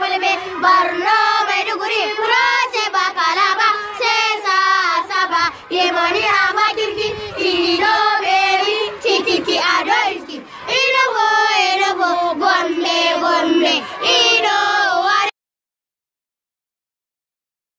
macul be barno maiduguri pro se bakala se sa saba ye mani aba kirki